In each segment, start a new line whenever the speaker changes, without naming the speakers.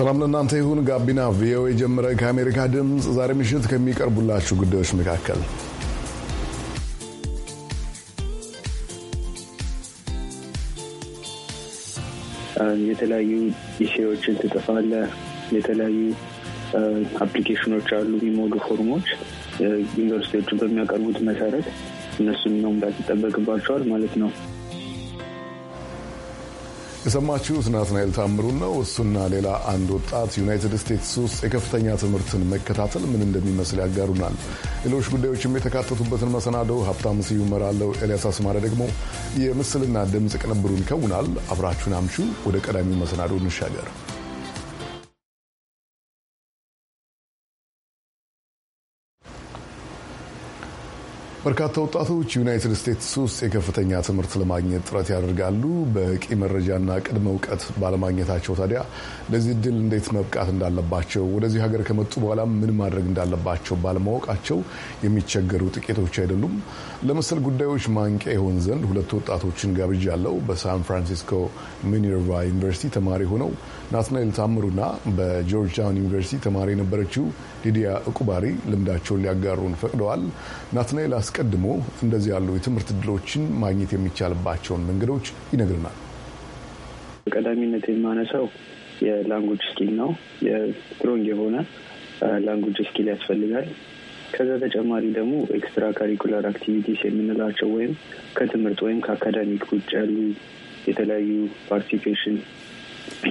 ሰላም ለእናንተ ይሁን። ጋቢና ቪኦኤ ጀምረ ከአሜሪካ ድምፅ ዛሬ ምሽት ከሚቀርቡላችሁ ጉዳዮች መካከል
የተለያዩ ኢሴዎችን ትጽፋለህ። የተለያዩ አፕሊኬሽኖች አሉ፣ የሚሞሉ ፎርሞች ዩኒቨርሲቲዎቹ በሚያቀርቡት መሰረት እነሱን መሙላት ይጠበቅባቸዋል ማለት ነው።
የሰማችሁት ናትናኤል ታምሩን ነው። እሱና ሌላ አንድ ወጣት ዩናይትድ ስቴትስ ውስጥ የከፍተኛ ትምህርትን መከታተል ምን እንደሚመስል ያጋሩናል። ሌሎች ጉዳዮችም የተካተቱበትን መሰናደው ሀብታም ስዩም እመራለሁ። ኤልያስ አስማረ ደግሞ የምስልና ድምፅ ቅንብሩን ይከውናል። አብራችሁን አምሹ። ወደ ቀዳሚው መሰናዶ እንሻገር። በርካታ ወጣቶች ዩናይትድ ስቴትስ ውስጥ የከፍተኛ ትምህርት ለማግኘት ጥረት ያደርጋሉ። በቂ መረጃና ቅድመ እውቀት ባለማግኘታቸው ታዲያ ለዚህ እድል እንዴት መብቃት እንዳለባቸው፣ ወደዚህ ሀገር ከመጡ በኋላ ምን ማድረግ እንዳለባቸው ባለማወቃቸው የሚቸገሩ ጥቂቶች አይደሉም። ለመሰል ጉዳዮች ማንቂያ ይሆን ዘንድ ሁለት ወጣቶችን ጋብዣለሁ። በሳን ፍራንሲስኮ ሚኒርቫ ዩኒቨርሲቲ ተማሪ ሆነው ናትናኤል ታምሩና በጆርጅ ዩኒቨርሲቲ ተማሪ የነበረችው ሊዲያ እቁባሪ ልምዳቸውን ሊያጋሩን ፈቅደዋል። ናትናኤል አስቀድሞ እንደዚህ ያሉ የትምህርት እድሎችን ማግኘት የሚቻልባቸውን መንገዶች ይነግርናል።
በቀዳሚነት የማነሳው የላንጉጅ ስኪል ነው። የስትሮንግ የሆነ ላንጉጅ ስኪል ያስፈልጋል። ከዛ ተጨማሪ ደግሞ ኤክስትራ ካሪኩላር አክቲቪቲስ የምንላቸው ወይም ከትምህርት ወይም ከአካዳሚክ ውጭ ያሉ የተለያዩ ፓርቲሲፔሽን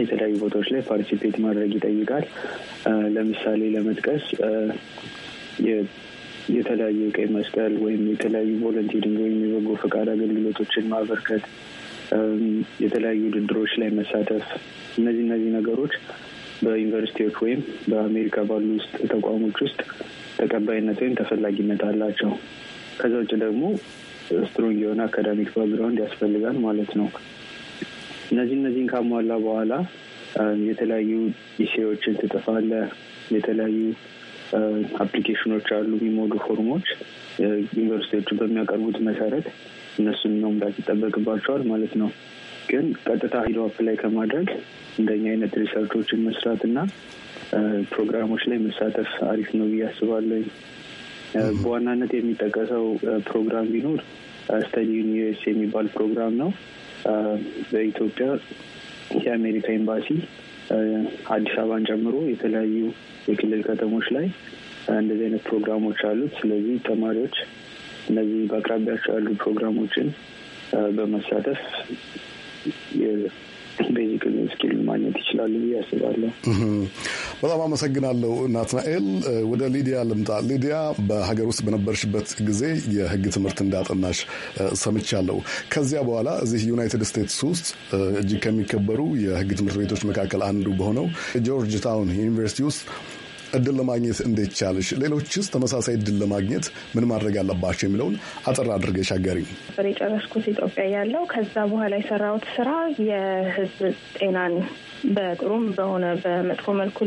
የተለያዩ ቦታዎች ላይ ፓርቲሲፔት ማድረግ ይጠይቃል። ለምሳሌ ለመጥቀስ የተለያዩ የቀይ መስቀል ወይም የተለያዩ ቮለንቲሪንግ ወይም የበጎ ፈቃድ አገልግሎቶችን ማበርከት፣ የተለያዩ ውድድሮች ላይ መሳተፍ፣ እነዚህ እነዚህ ነገሮች በዩኒቨርሲቲዎች ወይም በአሜሪካ ባሉ ውስጥ ተቋሞች ውስጥ ተቀባይነት ወይም ተፈላጊነት አላቸው። ከዛ ውጭ ደግሞ ስትሮንግ የሆነ አካዳሚክ ባግራውንድ ያስፈልጋል ማለት ነው። እነዚህ እነዚህን ካሟላ በኋላ የተለያዩ ኢሴዎችን ትጽፋለህ። የተለያዩ አፕሊኬሽኖች አሉ፣ የሚሞሉ ፎርሞች ዩኒቨርሲቲዎቹ በሚያቀርቡት መሰረት እነሱን መሙላት ይጠበቅባቸዋል ማለት ነው። ግን ቀጥታ ሂዶ አፕላይ ከማድረግ እንደኛ አይነት ሪሰርቾችን መስራት እና ፕሮግራሞች ላይ መሳተፍ አሪፍ ነው ብዬ አስባለሁ። በዋናነት የሚጠቀሰው ፕሮግራም ቢኖር ስተዲ ዩኒቨርስ የሚባል ፕሮግራም ነው። በኢትዮጵያ የአሜሪካ ኤምባሲ አዲስ አበባን ጨምሮ የተለያዩ የክልል ከተሞች ላይ እንደዚህ አይነት ፕሮግራሞች አሉት። ስለዚህ ተማሪዎች እነዚህ በአቅራቢያቸው ያሉ ፕሮግራሞችን በመሳተፍ
ስኪል ማግኘት ይችላሉ ብዬ በጣም አመሰግናለሁ ናትናኤል። ወደ ሊዲያ ልምጣ። ሊዲያ በሀገር ውስጥ በነበርሽበት ጊዜ የህግ ትምህርት እንዳጠናሽ ሰምቻለሁ። ከዚያ በኋላ እዚህ ዩናይትድ ስቴትስ ውስጥ እጅግ ከሚከበሩ የህግ ትምህርት ቤቶች መካከል አንዱ በሆነው ጆርጅ ታውን ዩኒቨርሲቲ ውስጥ እድል ለማግኘት እንዴት ቻለሽ ሌሎችስ ተመሳሳይ እድል ለማግኘት ምን ማድረግ አለባቸው የሚለውን አጠር አድርገ አጋሪ።
የጨረስኩት ኢትዮጵያ ያለው ከዛ በኋላ የሰራሁት ስራ የህዝብ ጤናን በጥሩም በሆነ በመጥፎ መልኩ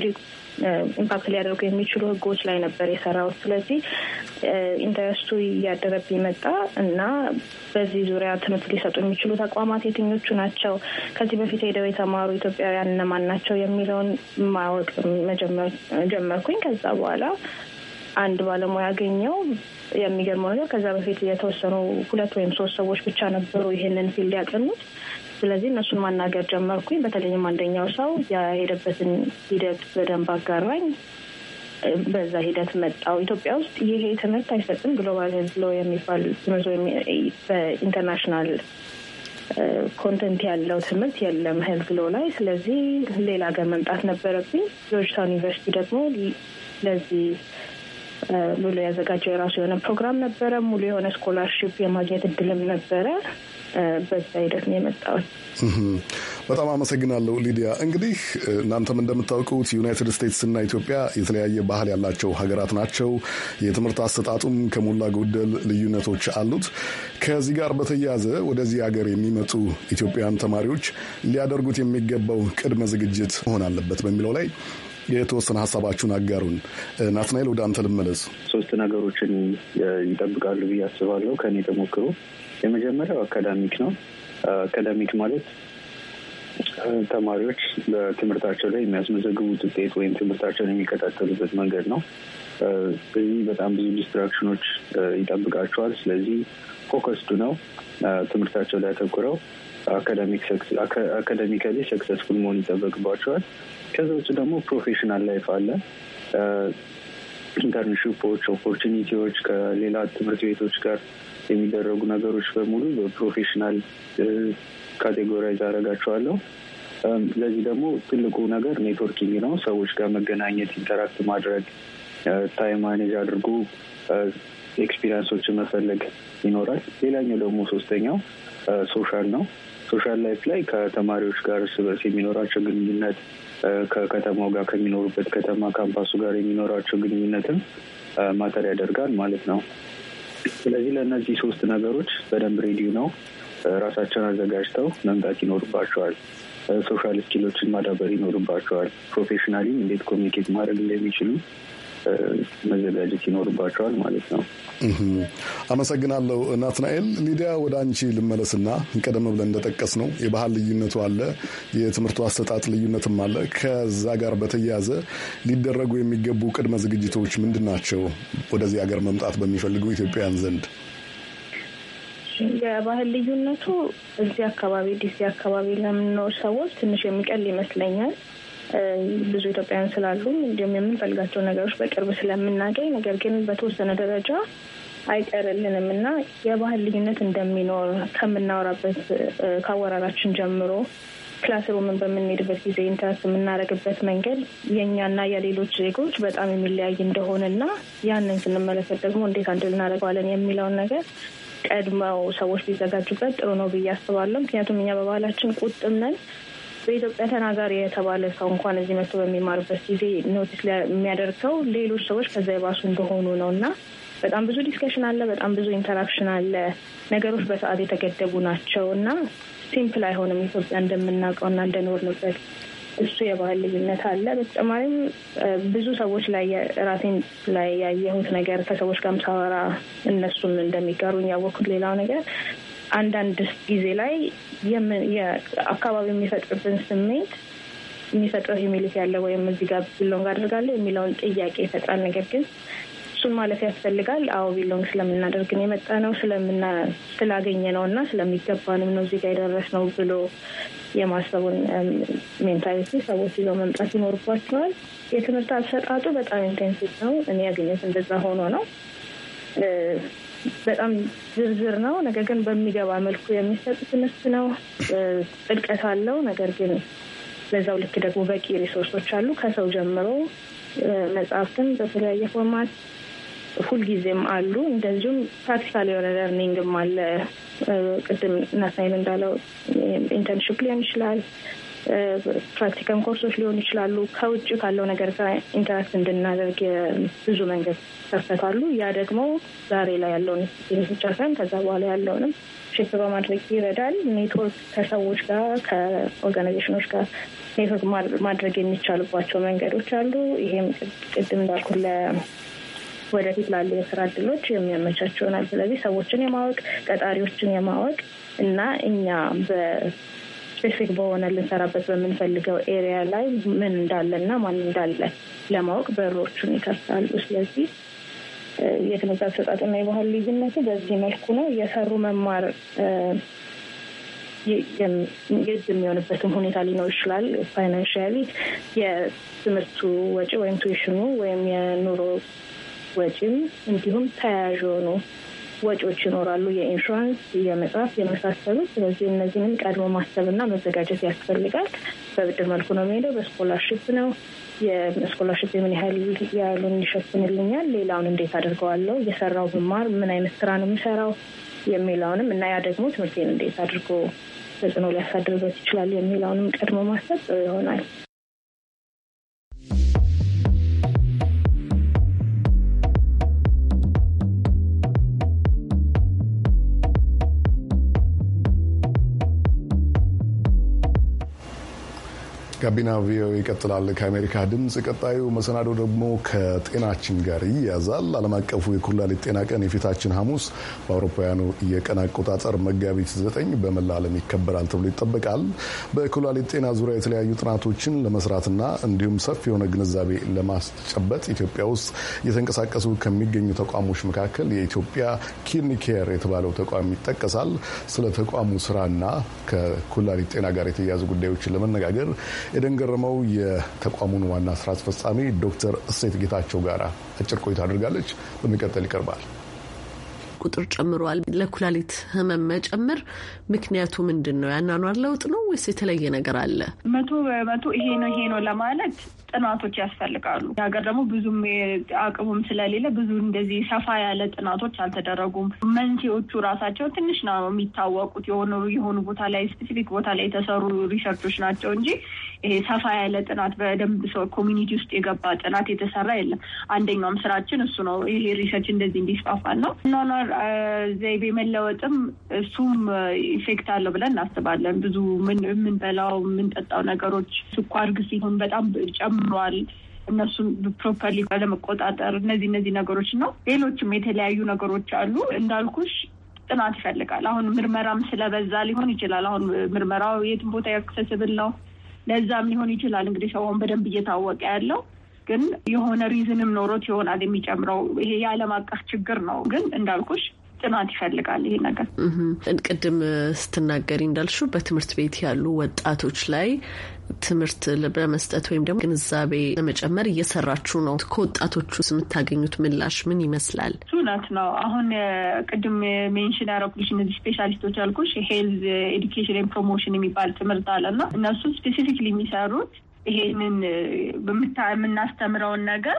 ኢምፓክት ሊያደርጉ የሚችሉ ህጎች ላይ ነበር የሰራሁት። ስለዚህ ኢንተረስቱ እያደረብ መጣ እና በዚህ ዙሪያ ትምህርት ሊሰጡ የሚችሉ ተቋማት የትኞቹ ናቸው፣ ከዚህ በፊት ሄደው የተማሩ ኢትዮጵያውያን እነማን ናቸው የሚለውን ማወቅ ጀመርኩኝ። ከዛ በኋላ አንድ ባለሙያ አገኘው። የሚገርመው ነገር ከዛ በፊት የተወሰኑ ሁለት ወይም ሶስት ሰዎች ብቻ ነበሩ ይህንን ፊልድ ያቀኑት። ስለዚህ እነሱን ማናገር ጀመርኩኝ። በተለይም አንደኛው ሰው የሄደበትን ሂደት በደንብ አጋራኝ። በዛ ሂደት መጣው። ኢትዮጵያ ውስጥ ይሄ ትምህርት አይሰጥም። ግሎባል ሄልዝ ሎ የሚባል ትምህርት ወይም በኢንተርናሽናል ኮንተንት ያለው ትምህርት የለም ሄልዝ ሎ ላይ። ስለዚህ ሌላ ሀገር መምጣት ነበረብኝ። ጆርጅታውን ዩኒቨርሲቲ ደግሞ ለዚህ ሙሉ ያዘጋጀው የራሱ የሆነ ፕሮግራም ነበረ። ሙሉ የሆነ ስኮላርሽፕ የማግኘት እድልም ነበረ። በዛ ሂደት ነው የመጣሁት።
በጣም አመሰግናለሁ ሊዲያ። እንግዲህ እናንተም እንደምታውቁት ዩናይትድ እና ኢትዮጵያ የተለያየ ባህል ያላቸው ሀገራት ናቸው። የትምህርት አሰጣጡም ከሞላ ጎደል ልዩነቶች አሉት። ከዚህ ጋር በተያያዘ ወደዚህ ሀገር የሚመጡ ኢትዮጵያውያን ተማሪዎች ሊያደርጉት የሚገባው ቅድመ ዝግጅት መሆን አለበት በሚለው ላይ የተወሰነ ሀሳባችሁን አጋሩን። ናትናኤል ወደ አንተ ልመለስ። ሶስት ነገሮችን ይጠብቃሉ
ብዬ አስባለሁ ከኔ ተሞክሮ። የመጀመሪያው አካዳሚክ ነው። አካዳሚክ ማለት ተማሪዎች በትምህርታቸው ላይ የሚያስመዘግቡት ውጤት ወይም ትምህርታቸውን የሚከታተሉበት መንገድ ነው። በዚህ በጣም ብዙ ዲስትራክሽኖች ይጠብቃቸዋል። ስለዚህ ፎከስዱ ነው ትምህርታቸው ላይ አተኩረው አካዳሚካሊ ሰክሰስፉል መሆን ይጠበቅባቸዋል። ከዛ ውጭ ደግሞ ፕሮፌሽናል ላይፍ አለ። ኢንተርንሽፖች፣ ኦፖርቹኒቲዎች ከሌላ ትምህርት ቤቶች ጋር የሚደረጉ ነገሮች በሙሉ በፕሮፌሽናል ካቴጎራይዝ አደርጋቸዋለሁ። ለዚህ ደግሞ ትልቁ ነገር ኔትወርኪንግ ነው። ሰዎች ጋር መገናኘት፣ ኢንተራክት ማድረግ፣ ታይም ማኔጅ አድርጎ ኤክስፒሪንሶችን መፈለግ ይኖራል። ሌላኛው ደግሞ ሶስተኛው ሶሻል ነው። ሶሻል ላይፍ ላይ ከተማሪዎች ጋር እርስ በርስ የሚኖራቸው ግንኙነት ከከተማው ጋር ከሚኖሩበት ከተማ ካምፓሱ ጋር የሚኖራቸው ግንኙነትም ማተር ያደርጋል ማለት ነው። ስለዚህ ለእነዚህ ሶስት ነገሮች በደንብ ሬዲዮ ነው ራሳቸውን አዘጋጅተው መምጣት ይኖርባቸዋል። ሶሻል ስኪሎችን ማዳበር ይኖርባቸዋል። ፕሮፌሽናሊም እንዴት ኮሚኒኬት
ማድረግ እንደሚችሉ መዘጋጀት ይኖርባቸዋል ማለት ነው። አመሰግናለሁ ናትናኤል። ሊዲያ ወደ አንቺ ልመለስና ቀደም ብለን እንደጠቀስ ነው የባህል ልዩነቱ አለ፣ የትምህርቱ አሰጣጥ ልዩነትም አለ። ከዛ ጋር በተያያዘ ሊደረጉ የሚገቡ ቅድመ ዝግጅቶች ምንድን ናቸው? ወደዚህ ሀገር መምጣት በሚፈልጉ ኢትዮጵያውያን ዘንድ
የባህል ልዩነቱ እዚህ አካባቢ ዲሲ አካባቢ ለምንኖር ሰዎች ትንሽ የሚቀል ይመስለኛል። ብዙ ኢትዮጵያውያን ስላሉ እንዲሁም የምንፈልጋቸው ነገሮች በቅርብ ስለምናገኝ ነገር ግን በተወሰነ ደረጃ አይቀርልንም እና የባህል ልዩነት እንደሚኖር ከምናወራበት ከአወራራችን ጀምሮ ክላስሩምን በምንሄድበት ጊዜ ኢንተራክት የምናደርግበት መንገድ የእኛና የሌሎች ዜጎች በጣም የሚለያይ እንደሆነ እና ያንን ስንመለከት ደግሞ እንዴት አንድ ልናደርገዋለን የሚለውን ነገር ቀድመው ሰዎች ቢዘጋጁበት ጥሩ ነው ብዬ አስባለሁ። ምክንያቱም እኛ በባህላችን ቁጥም ነን በኢትዮጵያ ተናጋሪ የተባለ ሰው እንኳን እዚህ መጥቶ በሚማርበት ጊዜ ኖቲስ የሚያደርገው ሌሎች ሰዎች ከዛ የባሱ እንደሆኑ ነው እና በጣም ብዙ ዲስከሽን አለ፣ በጣም ብዙ ኢንተራክሽን አለ። ነገሮች በሰዓት የተገደቡ ናቸው እና ሲምፕል አይሆንም። ኢትዮጵያ እንደምናውቀው እና እንደኖርንበት እሱ የባህል ልዩነት አለ። በተጨማሪም ብዙ ሰዎች ላይ ራሴን ላይ ያየሁት ነገር ከሰዎች ጋርም ሳወራ እነሱም እንደሚጋሩኝ ያወቅኩት ሌላው ነገር አንዳንድ ጊዜ ላይ አካባቢ የሚፈጥርብን ስሜት የሚፈጥረው ሂሚሊቲ ያለ ወይም እዚህ ጋር ቢሎንግ አድርጋለሁ የሚለውን ጥያቄ ይፈጥራል። ነገር ግን እሱን ማለፍ ያስፈልጋል። አዎ ቢሎንግ ስለምናደርግን የመጣ ነው ስለምና ስላገኘ ነው እና ስለሚገባንም ነው እዚህ ጋር የደረስ ነው ብሎ የማሰቡን ሜንታሊቲ ሰዎች ይዘው መምጣት ይኖርባቸዋል። የትምህርት አሰጣጡ በጣም ኢንቴንሲቭ ነው። እኔ ያገኘት እንደዛ ሆኖ ነው በጣም ዝርዝር ነው፣ ነገር ግን በሚገባ መልኩ የሚሰጥ ትምህርት ነው። ጥልቀት አለው፣ ነገር ግን በዛው ልክ ደግሞ በቂ ሪሶርሶች አሉ። ከሰው ጀምሮ መጽሐፍትን በተለያየ ፎርማት ሁልጊዜም አሉ። እንደዚሁም ፕራክቲካል የሆነ ለርኒንግም አለ። ቅድም ናሳይን እንዳለው ኢንተርንሽፕ ሊሆን ይችላል ፕራክቲከም ኮርሶች ሊሆኑ ይችላሉ። ከውጭ ካለው ነገር ጋር ኢንተራክት እንድናደርግ ብዙ መንገድ ይከፈታሉ። ያ ደግሞ ዛሬ ላይ ያለውን ብቻ ሳይሆን ከዛ በኋላ ያለውንም ሼፕ በማድረግ ይረዳል። ኔትወርክ ከሰዎች ጋር ከኦርጋናይዜሽኖች ጋር ኔትወርክ ማድረግ የሚቻልባቸው መንገዶች አሉ። ይሄም ቅድም እንዳልኩ ወደፊት ላሉ የስራ እድሎች የሚያመቻቸው ይሆናል። ስለዚህ ሰዎችን የማወቅ ቀጣሪዎችን የማወቅ እና እኛ ስፔሲፊክ በሆነ ልንሰራበት በምንፈልገው ኤሪያ ላይ ምን እንዳለ እና ማን እንዳለ ለማወቅ በሮቹን ይከፍታሉ። ስለዚህ የትምህርት አሰጣጥና የባህል ልዩነቱ በዚህ መልኩ ነው። እየሰሩ መማር ግድ የሚሆንበትም ሁኔታ ሊኖር ይችላል። ፋይናንሽያሊ የትምህርቱ ወጪ ወይም ቱዊሽኑ ወይም የኑሮ ወጪም እንዲሁም ተያያዥ የሆኑ ወጪዎች ይኖራሉ፣ የኢንሹራንስ፣ የመጽሐፍ የመሳሰሉት። ስለዚህ እነዚህንም ቀድሞ ማሰብና መዘጋጀት ያስፈልጋል። በብድር መልኩ ነው የሚሄደው፣ በስኮላርሽፕ ነው። የስኮላርሽፕ የምን ያህል ያሉን ይሸፍንልኛል፣ ሌላውን እንዴት አድርገዋለሁ፣ እየሰራው ብማር ምን አይነት ስራ ነው የምሰራው የሚለውንም እና ያ ደግሞ ትምህርቴን እንዴት አድርጎ ተጽዕኖ ሊያሳድርበት ይችላል የሚለውንም ቀድሞ ማሰብ ጥሩ ይሆናል።
ጋቢና ቪኦኤ ይቀጥላል። ከአሜሪካ ድምፅ ቀጣዩ መሰናዶ ደግሞ ከጤናችን ጋር ይያዛል። ዓለም አቀፉ የኩላሊት ጤና ቀን የፊታችን ሐሙስ በአውሮፓውያኑ የቀን አቆጣጠር መጋቢት ዘጠኝ በመላ ዓለም ይከበራል ተብሎ ይጠበቃል። በኩላሊት ጤና ዙሪያ የተለያዩ ጥናቶችን ለመስራትና እንዲሁም ሰፊ የሆነ ግንዛቤ ለማስጨበጥ ኢትዮጵያ ውስጥ እየተንቀሳቀሱ ከሚገኙ ተቋሞች መካከል የኢትዮጵያ ኪድኒ ኬር የተባለው ተቋም ይጠቀሳል። ስለ ተቋሙ ስራና ከኩላሊት ጤና ጋር የተያያዙ ጉዳዮችን ለመነጋገር ኤደን ገረመው የተቋሙን ዋና ስራ አስፈጻሚ ዶክተር እሴት ጌታቸው ጋር አጭር ቆይታ አድርጋለች። በሚቀጥል ይቀርባል።
ቁጥር ጨምሯል። ለኩላሊት ህመም መጨመር ምክንያቱ ምንድን ነው? ያኗኗር ለውጥ ነው ወይስ የተለየ ነገር አለ?
መቶ በመቶ ይሄ ነው ይሄ ነው ለማለት ጥናቶች ያስፈልጋሉ። ሀገር ደግሞ ብዙም አቅሙም ስለሌለ ብዙ እንደዚህ ሰፋ ያለ ጥናቶች አልተደረጉም። መንስኤዎቹ ራሳቸው ትንሽ ነው የሚታወቁት የሆኑ የሆኑ ቦታ ላይ ስፔሲፊክ ቦታ ላይ የተሰሩ ሪሰርቾች ናቸው እንጂ ይሄ ሰፋ ያለ ጥናት በደንብ ሰው ኮሚኒቲ ውስጥ የገባ ጥናት የተሰራ የለም። አንደኛውም ስራችን እሱ ነው። ይሄ ሪሰርች እንደዚህ እንዲስፋፋ ነው። ኗኗር ዘይቤ መለወጥም እሱም ኢፌክት አለው ብለን እናስባለን። ብዙ ምን የምንበላው የምንጠጣው ነገሮች ስኳር ግዜ በጣም ተጀምሯል። እነሱን ፕሮፐርሊ ለመቆጣጠር እነዚህ እነዚህ ነገሮች ነው። ሌሎችም የተለያዩ ነገሮች አሉ እንዳልኩሽ ጥናት ይፈልጋል። አሁን ምርመራም ስለበዛ ሊሆን ይችላል። አሁን ምርመራው የትም ቦታ ያክሰስብል ነው። ለዛም ሊሆን ይችላል እንግዲህ ሰውን በደንብ እየታወቀ ያለው ግን የሆነ ሪዝንም ኖሮት ይሆናል የሚጨምረው። ይሄ የዓለም አቀፍ ችግር ነው። ግን እንዳልኩሽ ጥናት ይፈልጋል ይሄ ነገር።
ቅድም ስትናገሪ እንዳልሹ በትምህርት ቤት ያሉ ወጣቶች ላይ ትምህርት በመስጠት ወይም ደግሞ ግንዛቤ ለመጨመር እየሰራችሁ ነው። ከወጣቶቹ የምታገኙት ምላሽ ምን ይመስላል?
እውነት ነው። አሁን ቅድም ሜንሽን ያረኩልሽ እነዚህ ስፔሻሊስቶች አልኩሽ፣ ሄልዝ ኤዱኬሽን ፕሮሞሽን የሚባል ትምህርት አለና እነሱ ስፔሲፊክሊ የሚሰሩት ይሄንን የምናስተምረውን ነገር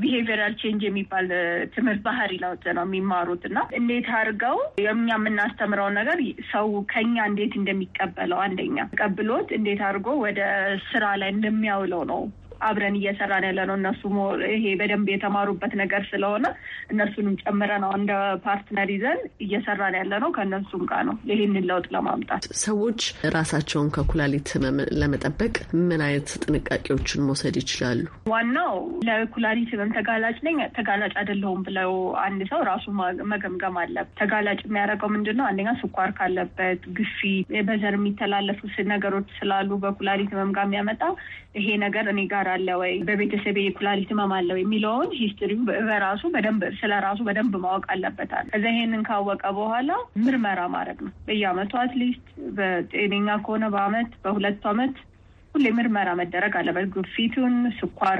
ቢሄቪራል ቼንጅ የሚባል ትምህርት ባህሪ ለውጥ ነው የሚማሩት እና እንዴት አድርገው የእኛ የምናስተምረው ነገር ሰው ከኛ እንዴት እንደሚቀበለው አንደኛ ቀብሎት እንዴት አድርጎ ወደ ስራ ላይ እንደሚያውለው ነው አብረን እየሰራን ያለ ነው። እነሱ ይሄ በደንብ የተማሩበት ነገር ስለሆነ እነሱንም ጨምረ ነው እንደ ፓርትነር ይዘን እየሰራን ያለ ነው። ከእነሱም ጋር ነው ይህንን ለውጥ ለማምጣት። ሰዎች
ራሳቸውን ከኩላሊት ህመም ለመጠበቅ ምን አይነት ጥንቃቄዎችን መውሰድ ይችላሉ?
ዋናው ለኩላሊት ህመም ተጋላጭ ነኝ ተጋላጭ አይደለሁም ብለው አንድ ሰው ራሱ መገምገም አለበት። ተጋላጭ የሚያደርገው ምንድን ነው? አንደኛ ስኳር ካለበት፣ ግፊት፣ በዘር የሚተላለፉ ነገሮች ስላሉ በኩላሊት ህመም ጋር የሚያመጣ ይሄ ነገር እኔ ጋር አለ ወይ፣ በቤተሰብ የኩላሊት ህመም አለ ወይ የሚለውን ሂስትሪ በራሱ በደንብ ስለ ራሱ በደንብ ማወቅ አለበታል። ከዛ ይሄንን ካወቀ በኋላ ምርመራ ማድረግ ነው በየአመቱ አትሊስት በጤነኛ ከሆነ በአመት በሁለቱ አመት ሁሌ ምርመራ መደረግ አለበት። ግፊቱን፣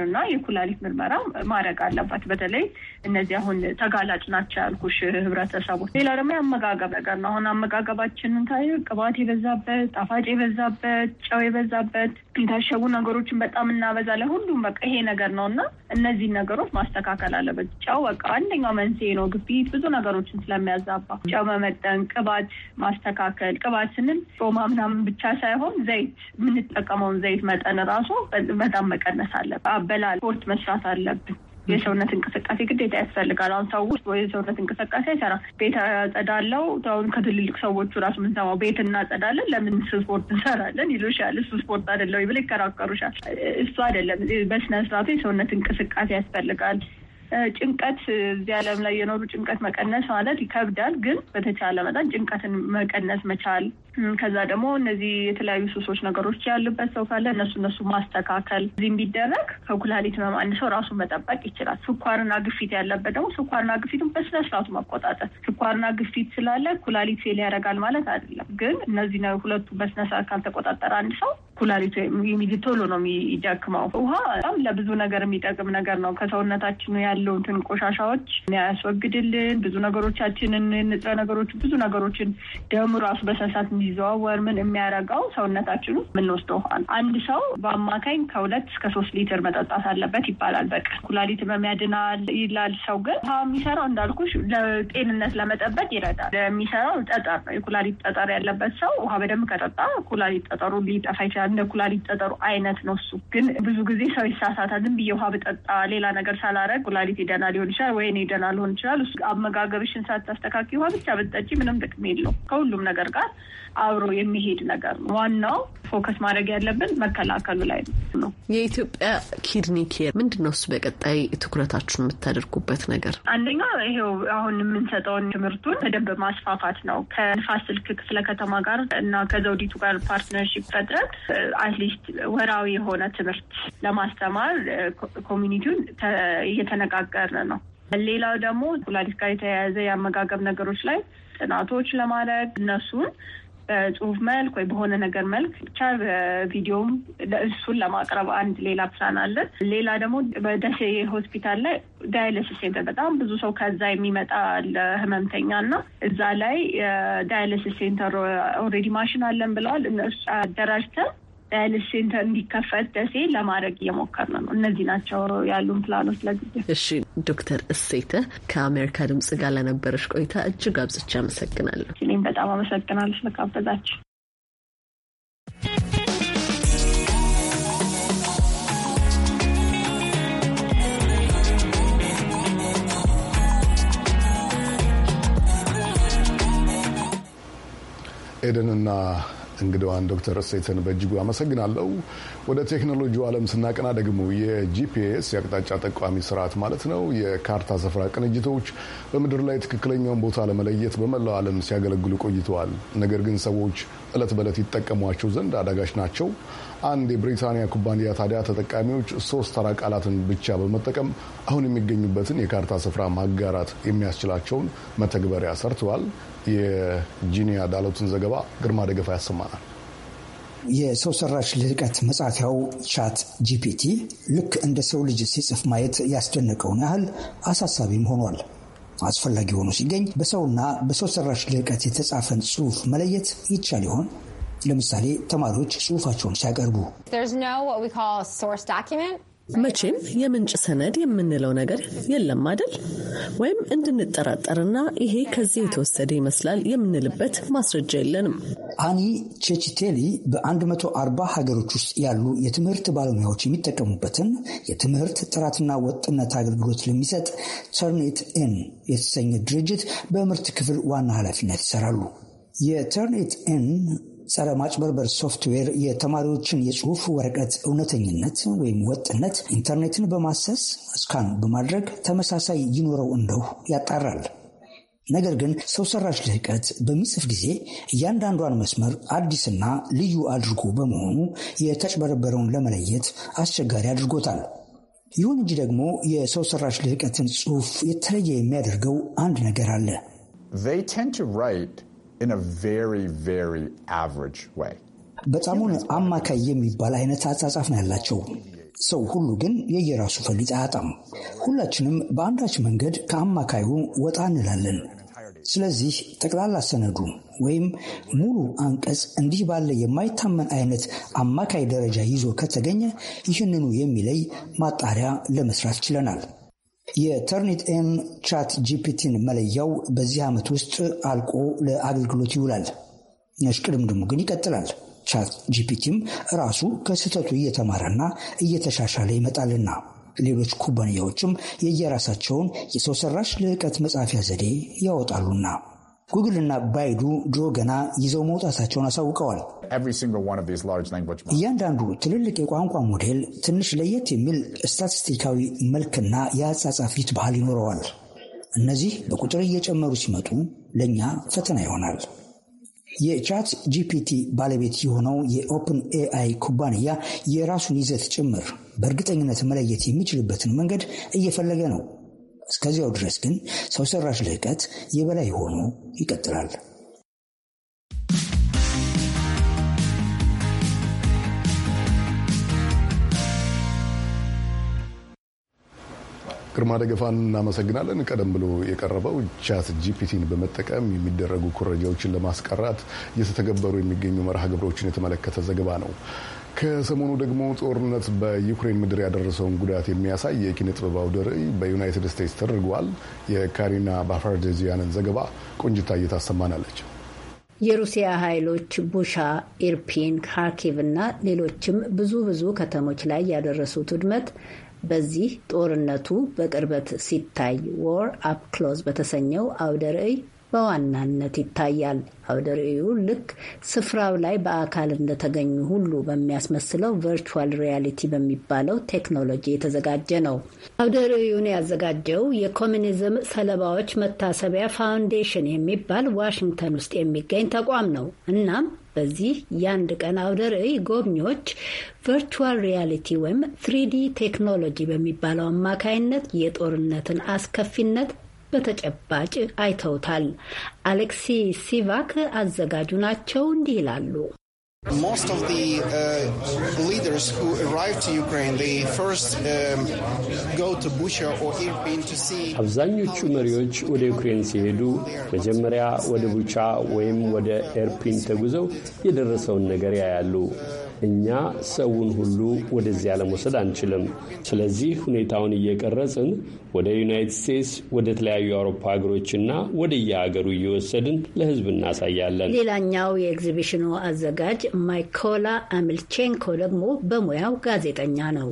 እና የኩላሊት ምርመራ ማድረግ አለባት። በተለይ እነዚህ አሁን ተጋላጭ ናቸው ያልኩሽ ህብረተሰቦች። ሌላ ደግሞ የአመጋገብ ነገር ነው። አሁን አመጋገባችንን ታይ ቅባት የበዛበት፣ ጣፋጭ የበዛበት፣ ጨው የበዛበት የታሸጉ ነገሮችን በጣም እናበዛለን። ሁሉም በቃ ይሄ ነገር ነው እና እነዚህን ነገሮች ማስተካከል አለበት። ጨው በቃ አንደኛው መንስኤ ነው፣ ግፊት ብዙ ነገሮችን ስለሚያዛባ ጨው መመጠን፣ ቅባት ማስተካከል። ቅባት ስንል ጮማ ምናምን ብቻ ሳይሆን ዘይት፣ የምንጠቀመውን ዘይት መጠን ራሱ በጣም መቀነስ አለብን። አበላል ስፖርት መስራት አለብን። የሰውነት እንቅስቃሴ ግዴታ ያስፈልጋል። አሁን ሰው ውስጥ የሰውነት እንቅስቃሴ አይሰራ ቤት አጸዳለው። አሁን ከትልልቅ ሰዎቹ ራሱ የምንሰማው ቤት እናጸዳለን፣ ለምን ስፖርት እንሰራለን ይሉሻል። እሱ ስፖርት አይደለም ብለው ይከራከሩሻል። እሱ አይደለም። በስነ ስርዓቱ የሰውነት እንቅስቃሴ ያስፈልጋል። ጭንቀት እዚህ ዓለም ላይ የኖሩ ጭንቀት መቀነስ ማለት ይከብዳል፣ ግን በተቻለ መጠን ጭንቀትን መቀነስ መቻል ከዛ ደግሞ እነዚህ የተለያዩ ሱሶች ነገሮች ያሉበት ሰው ካለ እነሱ እነሱ ማስተካከል እዚህም ቢደረግ ከኩላሊት መማን ሰው ራሱን መጠበቅ ይችላል። ስኳርና ግፊት ያለበት ደግሞ ስኳርና ግፊቱን በስነ ስርዓቱ መቆጣጠር። ስኳርና ግፊት ስላለ ኩላሊት ፌል ያደርጋል ማለት አይደለም፣ ግን እነዚህ ሁለቱ በስነ ስርዓት ካልተቆጣጠረ አንድ ሰው ኩላሊቱ ቶሎ ነው የሚጃክመው። ውሃ በጣም ለብዙ ነገር የሚጠቅም ነገር ነው። ከሰውነታችን ያለውትን ቆሻሻዎች ያስወግድልን፣ ብዙ ነገሮቻችንን ንጥረ ነገሮች ብዙ ነገሮችን ደም ራሱ በሰንሳት እንዲዘዋወር ምን የሚያረጋው ሰውነታችን ውስጥ የምንወስደው ውሃ ነው። አንድ ሰው በአማካኝ ከሁለት እስከ ሶስት ሊትር መጠጣት አለበት ይባላል በቀን። ኩላሊት ህመም ይላል ሰው። ግን ውሃ የሚሰራው እንዳልኩሽ ለጤንነት ለመጠበቅ ይረዳል። የሚሰራው ጠጠር ነው። የኩላሊት ጠጠር ያለበት ሰው ውሃ በደንብ ከጠጣ ኩላሊት ጠጠሩ ሊጠፋ ይችላል። እንደ ኩላሊት ጠጠሩ አይነት ነው። እሱ ግን ብዙ ጊዜ ሰው ይሳሳታል። ዝም ብዬ ውሃ ብጠጣ ሌላ ነገር ሳላረግ ኩላሊት ደህና ሊሆን ይችላል፣ ወይ እኔ ደህና ሊሆን ይችላል። እሱ አመጋገብሽን ሳታስተካኪ ውሃ ብቻ ብትጠጪ ምንም ጥቅም የለው። ከሁሉም ነገር ጋር አብሮ የሚሄድ ነገር ነው ዋናው ፎከስ ማድረግ ያለብን መከላከሉ ላይ ነው።
የኢትዮጵያ ኪድኒ ኬር ምንድን ነው እሱ? በቀጣይ ትኩረታችሁን የምታደርጉበት ነገር
አንደኛ ይሄው አሁን የምንሰጠውን ትምህርቱን በደንብ ማስፋፋት ነው። ከንፋስ ስልክ ክፍለ ከተማ ጋር እና ከዘውዲቱ ጋር ፓርትነርሺፕ ፈጥረን አትሊስት ወራዊ የሆነ ትምህርት ለማስተማር ኮሚኒቲውን እየተነጋገርን ነው። ሌላው ደግሞ ኩላሊት ጋር የተያያዘ የአመጋገብ ነገሮች ላይ ጥናቶች ለማድረግ እነሱን በጽሁፍ መልክ ወይ በሆነ ነገር መልክ ብቻ በቪዲዮም እሱን ለማቅረብ አንድ ሌላ ፕላን አለን። ሌላ ደግሞ በደሴ ሆስፒታል ላይ ዳያሊሲስ ሴንተር በጣም ብዙ ሰው ከዛ የሚመጣ ህመምተኛ እና እዛ ላይ ዳያሊሲስ ሴንተር ኦልሬዲ ማሽን አለን ብለዋል። እነሱ አደራጅተን ልሽ እንዲከፈት ደሴ ለማድረግ እየሞከርን ነው። እነዚህ ናቸው
ያሉን ፕላኖች ለጊዜው። እሺ ዶክተር እሴተ ከአሜሪካ ድምጽ ጋር ለነበረች ቆይታ እጅግ አብዝቼ አመሰግናለሁ። እኔም በጣም አመሰግናለሁ ስለጋበዛችሁ።
ኤደንና እንግዳዋን ዶክተር እሴትን በእጅጉ አመሰግናለሁ። ወደ ቴክኖሎጂው ዓለም ስናቀና ደግሞ የጂፒኤስ የአቅጣጫ ጠቋሚ ስርዓት ማለት ነው የካርታ ስፍራ ቅንጅቶች በምድር ላይ ትክክለኛውን ቦታ ለመለየት በመላው ዓለም ሲያገለግሉ ቆይተዋል። ነገር ግን ሰዎች እለት በለት ይጠቀሟቸው ዘንድ አዳጋች ናቸው። አንድ የብሪታንያ ኩባንያ ታዲያ ተጠቃሚዎች ሶስት ተራ ቃላትን ብቻ በመጠቀም አሁን የሚገኙበትን የካርታ ስፍራ ማጋራት የሚያስችላቸውን መተግበሪያ ሰርተዋል። የጂኒ አዳሎትን ዘገባ ግርማ ደገፋ ያሰማናል።
የሰው ሰራሽ ልህቀት መጻፊያው ቻት ጂፒቲ ልክ እንደ ሰው ልጅ ሲጽፍ ማየት ያስደነቀውን ያህል አሳሳቢም ሆኗል። አስፈላጊ ሆኖ ሲገኝ በሰውና በሰው ሰራሽ ልህቀት የተጻፈን ጽሑፍ መለየት ይቻል ይሆን? ለምሳሌ ተማሪዎች ጽሑፋቸውን ሲያቀርቡ
መቼም የምንጭ ሰነድ የምንለው ነገር የለም አደል? ወይም እንድንጠራጠርና ይሄ
ከዚህ የተወሰደ ይመስላል የምንልበት ማስረጃ የለንም። አኒ ቼቺቴሊ በ140 ሀገሮች ውስጥ ያሉ የትምህርት ባለሙያዎች የሚጠቀሙበትን የትምህርት ጥራትና ወጥነት አገልግሎት ለሚሰጥ ተርኔት ኤን የተሰኘ ድርጅት በምርት ክፍል ዋና ኃላፊነት ይሰራሉ። የተርኔት ኤን ጸረ ማጭበርበር ሶፍትዌር የተማሪዎችን የጽሁፍ ወረቀት እውነተኝነት ወይም ወጥነት ኢንተርኔትን በማሰስ እስካን በማድረግ ተመሳሳይ ይኖረው እንደው ያጣራል። ነገር ግን ሰው ሰራሽ ልህቀት በሚጽፍ ጊዜ እያንዳንዷን መስመር አዲስና ልዩ አድርጎ በመሆኑ የተጭበረበረውን ለመለየት አስቸጋሪ አድርጎታል። ይሁን እንጂ ደግሞ የሰው ሰራሽ ልህቀትን ጽሁፍ የተለየ የሚያደርገው አንድ ነገር አለ። in a very, በጣሙን አማካይ የሚባል አይነት አጻጻፍ ነው ያላቸው። ሰው ሁሉ ግን የየራሱ ፈሊጥ አያጣም። ሁላችንም በአንዳች መንገድ ከአማካዩ ወጣ እንላለን። ስለዚህ ጠቅላላ ሰነዱ ወይም ሙሉ አንቀጽ እንዲህ ባለ የማይታመን አይነት አማካይ ደረጃ ይዞ ከተገኘ ይህንኑ የሚለይ ማጣሪያ ለመስራት ችለናል። የተርኒት ኤም ቻት ጂፒቲን መለያው በዚህ ዓመት ውስጥ አልቆ ለአገልግሎት ይውላል። እሽቅድምድሙ ግን ይቀጥላል። ቻት ጂፒቲም ራሱ ከስህተቱ እየተማረና እየተሻሻለ ይመጣልና ሌሎች ኩባንያዎችም የየራሳቸውን የሰው ሰራሽ ልዕቀት መጻፊያ ዘዴ ያወጣሉና ጉግል እና ባይዱ ድሮ ገና ይዘው መውጣታቸውን አሳውቀዋል። እያንዳንዱ ትልልቅ የቋንቋ ሞዴል ትንሽ ለየት የሚል ስታቲስቲካዊ መልክና የአጻጻፍ ፊት ባህል ይኖረዋል። እነዚህ በቁጥር እየጨመሩ ሲመጡ ለእኛ ፈተና ይሆናል። የቻት ጂፒቲ ባለቤት የሆነው የኦፕን ኤአይ ኩባንያ የራሱን ይዘት ጭምር በእርግጠኝነት መለየት የሚችልበትን መንገድ እየፈለገ ነው። እስከዚያው ድረስ ግን ሰው ሰራሽ ልህቀት የበላይ ሆኖ ይቀጥላል።
ግርማ ደገፋን እናመሰግናለን። ቀደም ብሎ የቀረበው ቻት ጂፒቲን በመጠቀም የሚደረጉ ኩረጃዎችን ለማስቀራት እየተተገበሩ የሚገኙ መርሃ ግብሮችን የተመለከተ ዘገባ ነው። ከሰሞኑ ደግሞ ጦርነት በዩክሬን ምድር ያደረሰውን ጉዳት የሚያሳይ የኪነ ጥበብ አውደ ርዕይ በዩናይትድ ስቴትስ ተደርጓል። የካሪና ባፋርደዚያንን ዘገባ ቆንጅታ እየታሰማናለች።
የሩሲያ ኃይሎች ቡሻ፣ ኢርፒን፣ ካርኪቭ እና ሌሎችም ብዙ ብዙ ከተሞች ላይ ያደረሱት ውድመት በዚህ ጦርነቱ በቅርበት ሲታይ ዎር አፕ ክሎዝ በተሰኘው አውደ ርዕይ በዋናነት ይታያል። አውደሬዩ ልክ ስፍራው ላይ በአካል እንደተገኙ ሁሉ በሚያስመስለው ቨርቹዋል ሪያሊቲ በሚባለው ቴክኖሎጂ የተዘጋጀ ነው። አውደሬዩን ያዘጋጀው የኮሚኒዝም ሰለባዎች መታሰቢያ ፋውንዴሽን የሚባል ዋሽንግተን ውስጥ የሚገኝ ተቋም ነው። እናም በዚህ የአንድ ቀን አውደ ርዕይ ጎብኚዎች ቨርቹዋል ሪያሊቲ ወይም ትሪዲ ቴክኖሎጂ በሚባለው አማካይነት የጦርነትን አስከፊነት በተጨባጭ አይተውታል። አሌክሲ ሲቫክ አዘጋጁ ናቸው። እንዲህ ይላሉ።
Most of the uh, leaders who arrive to Ukraine, they first um,
go to Bucha or Irpin to
see. አብዛኞቹ መሪዎች ወደ ዩክሬን ሲሄዱ መጀመሪያ ወደ ቡቻ ወይም ወደ ኤርፒን ተጉዘው የደረሰውን ነገር ያያሉ። እኛ ሰውን ሁሉ ወደዚያ ለመውሰድ አንችልም። ስለዚህ ሁኔታውን እየቀረጽን ወደ ዩናይትድ ስቴትስ፣ ወደ ተለያዩ የአውሮፓ ሀገሮችና ወደ የሀገሩ እየወሰድን ለህዝብ እናሳያለን።
ሌላኛው የኤግዚቢሽኑ አዘጋጅ ማይኮላ አሚልቼንኮ ደግሞ በሙያው ጋዜጠኛ ነው።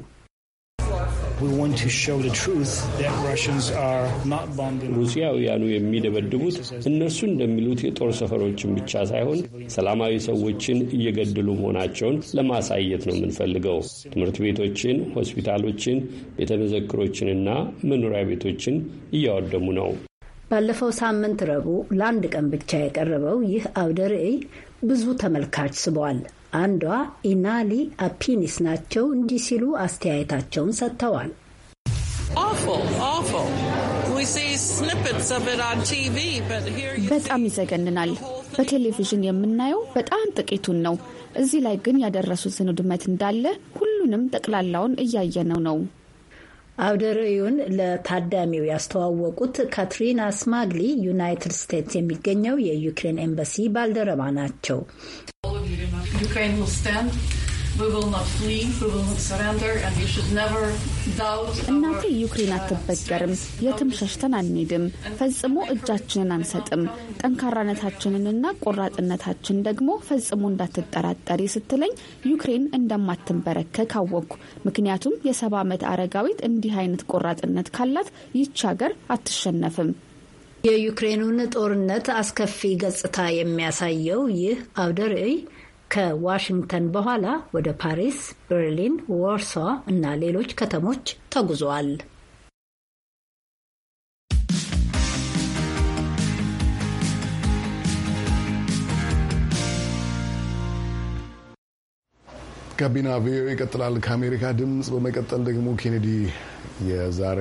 ሩሲያውያኑ የሚደበድቡት እነርሱ እንደሚሉት የጦር ሰፈሮችን ብቻ ሳይሆን ሰላማዊ ሰዎችን እየገደሉ መሆናቸውን ለማሳየት ነው የምንፈልገው። ትምህርት ቤቶችን፣ ሆስፒታሎችን፣ ቤተ መዘክሮችንና መኖሪያ ቤቶችን እያወደሙ ነው።
ባለፈው ሳምንት ረቡዕ ለአንድ ቀን ብቻ የቀረበው ይህ አውደ ርዕይ ብዙ ተመልካች ስቧል። አንዷ ኢናሊ አፒኒስ ናቸው። እንዲህ ሲሉ አስተያየታቸውን ሰጥተዋል። በጣም ይዘገንናል። በቴሌቪዥን የምናየው በጣም ጥቂቱን ነው። እዚህ ላይ ግን ያደረሱትን ውድመት እንዳለ ሁሉንም ጠቅላላውን እያየነው ነው። አውደ ለታዳሚው ያስተዋወቁት ካትሪና ስማግሊ ዩናይትድ ስቴትስ የሚገኘው የዩክሬን ኤምባሲ ባልደረባ ናቸው።
Ukraine will stand.
እናቴ ዩክሬን አትበገርም፣ የትም ሸሽተን አንሄድም፣ ፈጽሞ እጃችንን አንሰጥም፣ ጠንካራነታችንንና ቆራጥነታችን ደግሞ ፈጽሞ እንዳትጠራጠሪ ስትለኝ ዩክሬን እንደማትንበረከክ አወቅኩ። ምክንያቱም የሰባ ዓመት አረጋዊት እንዲህ አይነት ቆራጥነት ካላት ይቺ ሀገር አትሸነፍም። የዩክሬኑን ጦርነት አስከፊ ገጽታ የሚያሳየው ይህ አውደ ርዕይ ከዋሽንግተን በኋላ ወደ ፓሪስ፣ በርሊን፣ ዋርሶ እና ሌሎች ከተሞች ተጉዟል።
ጋቢና ቪኦኤ ይቀጥላል። ከአሜሪካ ድምፅ በመቀጠል ደግሞ ኬኔዲ የዛሬ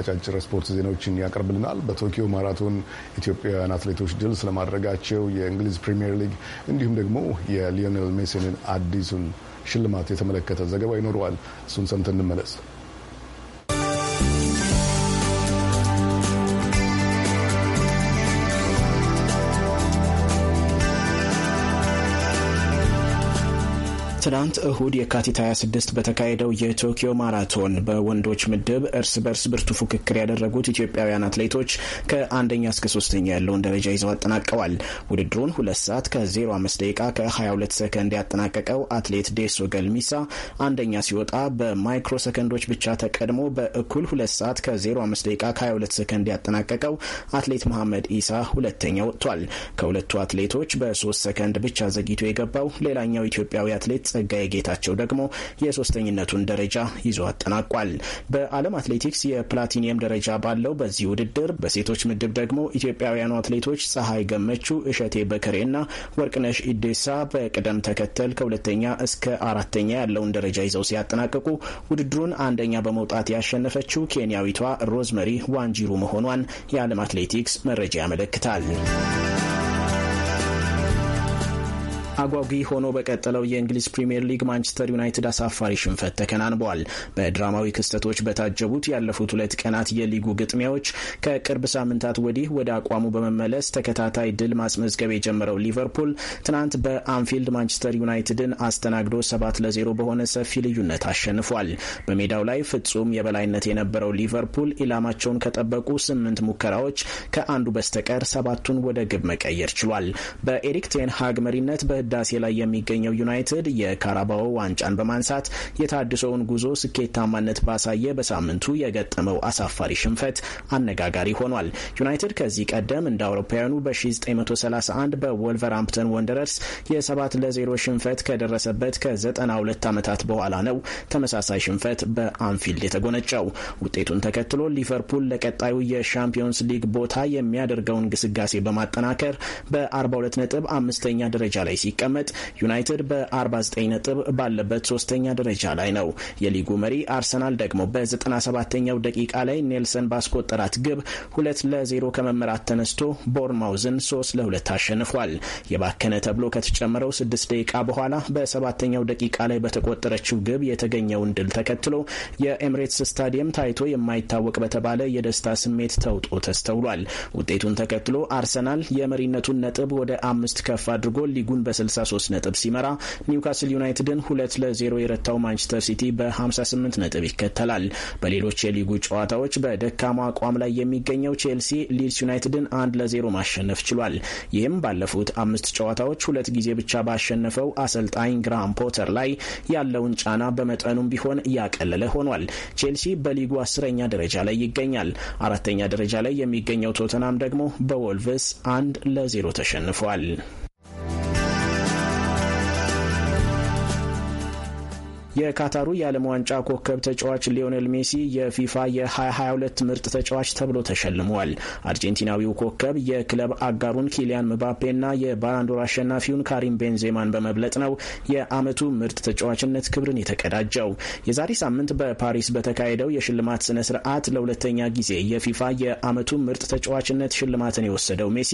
አጫጭር ስፖርት ዜናዎችን ያቀርብልናል። በቶኪዮ ማራቶን ኢትዮጵያውያን አትሌቶች ድል ስለማድረጋቸው የእንግሊዝ ፕሪምየር ሊግ እንዲሁም ደግሞ የሊዮኔል ሜሲንን አዲሱን ሽልማት የተመለከተ ዘገባ ይኖረዋል። እሱን ሰምተን እንመለስ።
ትናንት እሁድ የካቲት 26 በተካሄደው የቶኪዮ ማራቶን በወንዶች ምድብ እርስ በርስ ብርቱ ፉክክር ያደረጉት ኢትዮጵያውያን አትሌቶች ከአንደኛ እስከ ሶስተኛ ያለውን ደረጃ ይዘው አጠናቀዋል። ውድድሩን ሁለት ሰዓት ከ05 ደቂቃ ከ22 ሰከንድ ያጠናቀቀው አትሌት ዴሶ ገልሚሳ አንደኛ ሲወጣ በማይክሮ ሰከንዶች ብቻ ተቀድሞ በእኩል ሁለት ሰዓት ከ05 ደቂቃ ከ22 ሰከንድ ያጠናቀቀው አትሌት መሐመድ ኢሳ ሁለተኛ ወጥቷል። ከሁለቱ አትሌቶች በሶስት ሰከንድ ብቻ ዘግይቶ የገባው ሌላኛው ኢትዮጵያዊ አትሌት ጸጋዬ ጌታቸው ደግሞ የሶስተኝነቱን ደረጃ ይዞ አጠናቋል። በዓለም አትሌቲክስ የፕላቲኒየም ደረጃ ባለው በዚህ ውድድር በሴቶች ምድብ ደግሞ ኢትዮጵያውያኑ አትሌቶች ፀሐይ ገመቹ፣ እሸቴ በከሬና ወርቅነሽ ኢዴሳ በቅደም ተከተል ከሁለተኛ እስከ አራተኛ ያለውን ደረጃ ይዘው ሲያጠናቅቁ ውድድሩን አንደኛ በመውጣት ያሸነፈችው ኬንያዊቷ ሮዝመሪ ዋንጂሩ መሆኗን የዓለም አትሌቲክስ መረጃ ያመለክታል። አጓጊ ሆኖ በቀጠለው የእንግሊዝ ፕሪምየር ሊግ ማንቸስተር ዩናይትድ አሳፋሪ ሽንፈት ተከናንበዋል። በድራማዊ ክስተቶች በታጀቡት ያለፉት ሁለት ቀናት የሊጉ ግጥሚያዎች ከቅርብ ሳምንታት ወዲህ ወደ አቋሙ በመመለስ ተከታታይ ድል ማስመዝገብ የጀመረው ሊቨርፑል ትናንት በአንፊልድ ማንቸስተር ዩናይትድን አስተናግዶ ሰባት ለዜሮ በሆነ ሰፊ ልዩነት አሸንፏል። በሜዳው ላይ ፍጹም የበላይነት የነበረው ሊቨርፑል ኢላማቸውን ከጠበቁ ስምንት ሙከራዎች ከአንዱ በስተቀር ሰባቱን ወደ ግብ መቀየር ችሏል። በኤሪክ ቴንሃግ መሪነት በግስጋሴ ላይ የሚገኘው ዩናይትድ የካራባኦ ዋንጫን በማንሳት የታድሶውን ጉዞ ስኬታማነት ባሳየ በሳምንቱ የገጠመው አሳፋሪ ሽንፈት አነጋጋሪ ሆኗል። ዩናይትድ ከዚህ ቀደም እንደ አውሮፓውያኑ በ1931 በወልቨርሃምፕተን ወንደረርስ የ7 ለ0 ሽንፈት ከደረሰበት ከ92 ዓመታት በኋላ ነው ተመሳሳይ ሽንፈት በአንፊልድ የተጎነጨው። ውጤቱን ተከትሎ ሊቨርፑል ለቀጣዩ የሻምፒዮንስ ሊግ ቦታ የሚያደርገውን ግስጋሴ በማጠናከር በ42 ነጥብ አምስተኛ ደረጃ ላይ ሲ በመቀመጥ ዩናይትድ በ49 ነጥብ ባለበት ሶስተኛ ደረጃ ላይ ነው። የሊጉ መሪ አርሰናል ደግሞ በ97ኛው ደቂቃ ላይ ኔልሰን ባስቆጠራት ግብ ሁለት ለዜሮ ከመመራት ተነስቶ ቦርማውዝን ሶስት ለሁለት አሸንፏል። የባከነ ተብሎ ከተጨመረው ስድስት ደቂቃ በኋላ በሰባተኛው ደቂቃ ላይ በተቆጠረችው ግብ የተገኘውን ድል ተከትሎ የኤምሬትስ ስታዲየም ታይቶ የማይታወቅ በተባለ የደስታ ስሜት ተውጦ ተስተውሏል። ውጤቱን ተከትሎ አርሰናል የመሪነቱን ነጥብ ወደ አምስት ከፍ አድርጎ ሊጉን በ በ63 ነጥብ ሲመራ ኒውካስል ዩናይትድን ሁለት ለዜሮ የረታው ማንቸስተር ሲቲ በ58 ነጥብ ይከተላል። በሌሎች የሊጉ ጨዋታዎች በደካማ አቋም ላይ የሚገኘው ቼልሲ ሊድስ ዩናይትድን አንድ ለዜሮ ማሸነፍ ችሏል። ይህም ባለፉት አምስት ጨዋታዎች ሁለት ጊዜ ብቻ ባሸነፈው አሰልጣኝ ግራም ፖተር ላይ ያለውን ጫና በመጠኑም ቢሆን ያቀለለ ሆኗል። ቼልሲ በሊጉ አስረኛ ደረጃ ላይ ይገኛል። አራተኛ ደረጃ ላይ የሚገኘው ቶተናም ደግሞ በወልቭስ አንድ ለዜሮ ተሸንፏል። የካታሩ የዓለም ዋንጫ ኮከብ ተጫዋች ሊዮኔል ሜሲ የፊፋ የ2022 ምርጥ ተጫዋች ተብሎ ተሸልሟል። አርጀንቲናዊው ኮከብ የክለብ አጋሩን ኪሊያን ምባፔና የባላንዶር አሸናፊውን ካሪም ቤንዜማን በመብለጥ ነው የዓመቱ ምርጥ ተጫዋችነት ክብርን የተቀዳጀው። የዛሬ ሳምንት በፓሪስ በተካሄደው የሽልማት ስነ ስርዓት ለሁለተኛ ጊዜ የፊፋ የአመቱ ምርጥ ተጫዋችነት ሽልማትን የወሰደው ሜሲ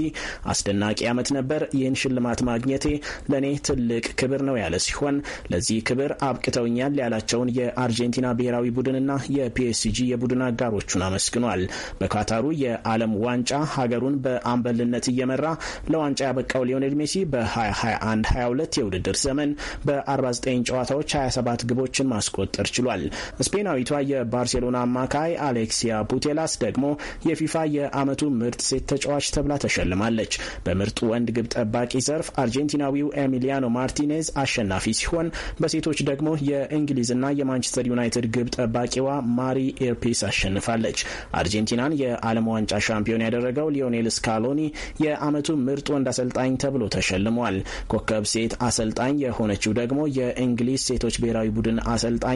አስደናቂ ዓመት ነበር፣ ይህን ሽልማት ማግኘቴ ለእኔ ትልቅ ክብር ነው ያለ ሲሆን ለዚህ ክብር አብቅተው አድርገውኛል ያላቸውን የአርጀንቲና ብሔራዊ ቡድንና የፒኤስጂ የቡድን አጋሮቹን አመስግኗል። በካታሩ የዓለም ዋንጫ ሀገሩን በአምበልነት እየመራ ለዋንጫ ያበቃው ሊዮኔል ሜሲ በ2021/22 የውድድር ዘመን በ49 ጨዋታዎች 27 ግቦችን ማስቆጠር ችሏል። ስፔናዊቷ የባርሴሎና አማካይ አሌክሲያ ፑቴላስ ደግሞ የፊፋ የዓመቱ ምርጥ ሴት ተጫዋች ተብላ ተሸልማለች። በምርጡ ወንድ ግብ ጠባቂ ዘርፍ አርጀንቲናዊው ኤሚሊያኖ ማርቲኔዝ አሸናፊ ሲሆን በሴቶች ደግሞ የ የእንግሊዝና የማንቸስተር ዩናይትድ ግብ ጠባቂዋ ማሪ ኤርፔስ አሸንፋለች። አርጀንቲናን የዓለም ዋንጫ ሻምፒዮን ያደረገው ሊዮኔል ስካሎኒ የዓመቱ ምርጥ ወንድ አሰልጣኝ ተብሎ ተሸልሟል። ኮከብ ሴት አሰልጣኝ የሆነችው ደግሞ የእንግሊዝ ሴቶች ብሔራዊ ቡድን አሰልጣኟ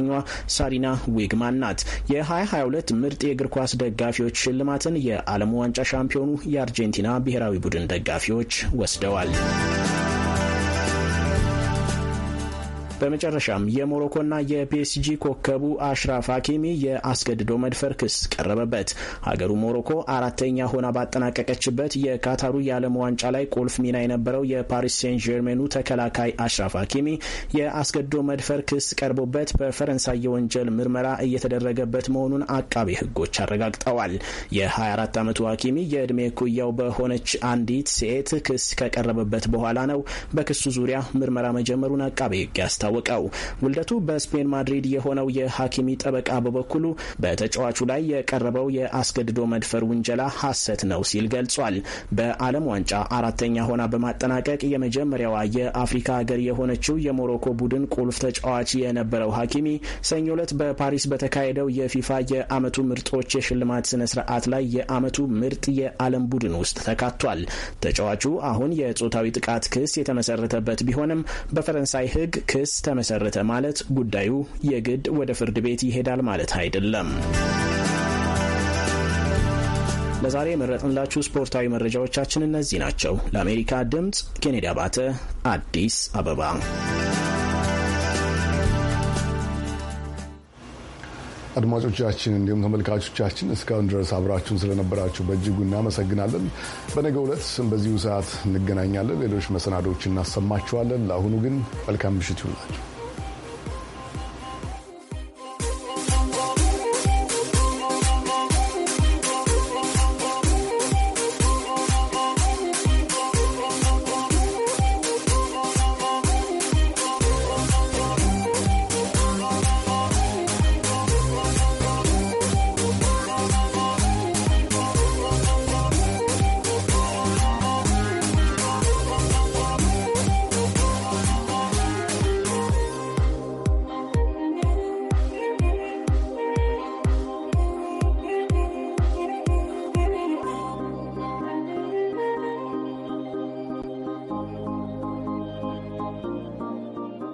ሳሪና ዊግማን ናት። የ2022 ምርጥ የእግር ኳስ ደጋፊዎች ሽልማትን የዓለም ዋንጫ ሻምፒዮኑ የአርጀንቲና ብሔራዊ ቡድን ደጋፊዎች ወስደዋል። በመጨረሻም የሞሮኮና የፒኤስጂ ኮከቡ አሽራፍ ሀኪሚ የአስገድዶ መድፈር ክስ ቀረበበት። ሀገሩ ሞሮኮ አራተኛ ሆና ባጠናቀቀችበት የካታሩ የዓለም ዋንጫ ላይ ቁልፍ ሚና የነበረው የፓሪስ ሴን ጀርሜኑ ተከላካይ አሽራፍ ሀኪሚ የአስገድዶ መድፈር ክስ ቀርቦበት በፈረንሳይ የወንጀል ምርመራ እየተደረገበት መሆኑን አቃቤ ሕጎች አረጋግጠዋል። የ24 ዓመቱ ሀኪሚ የዕድሜ ኩያው በሆነች አንዲት ሴት ክስ ከቀረበበት በኋላ ነው በክሱ ዙሪያ ምርመራ መጀመሩን አቃቤ ሕግ ያስታውቃል። ያስታወቀው። ውልደቱ በስፔን ማድሪድ የሆነው የሐኪሚ ጠበቃ በበኩሉ በተጫዋቹ ላይ የቀረበው የአስገድዶ መድፈር ውንጀላ ሐሰት ነው ሲል ገልጿል። በዓለም ዋንጫ አራተኛ ሆና በማጠናቀቅ የመጀመሪያዋ የአፍሪካ ሀገር የሆነችው የሞሮኮ ቡድን ቁልፍ ተጫዋች የነበረው ሐኪሚ ሰኞ ዕለት በፓሪስ በተካሄደው የፊፋ የዓመቱ ምርጦች የሽልማት ስነ ስርዓት ላይ የዓመቱ ምርጥ የዓለም ቡድን ውስጥ ተካቷል። ተጫዋቹ አሁን የጾታዊ ጥቃት ክስ የተመሰረተበት ቢሆንም በፈረንሳይ ሕግ ክስ ተመሰረተ ማለት ጉዳዩ የግድ ወደ ፍርድ ቤት ይሄዳል ማለት አይደለም። ለዛሬ የመረጥንላችሁ ስፖርታዊ መረጃዎቻችን እነዚህ ናቸው። ለአሜሪካ ድምፅ ኬኔዲ አባተ፣ አዲስ አበባ
አድማጮቻችን እንዲሁም ተመልካቾቻችን እስካሁን ድረስ አብራችሁን ስለነበራችሁ በእጅጉ እናመሰግናለን። በነገ ዕለት በዚሁ ሰዓት እንገናኛለን። ሌሎች መሰናዶዎች እናሰማችኋለን። ለአሁኑ ግን መልካም ምሽት ይሁንላችሁ።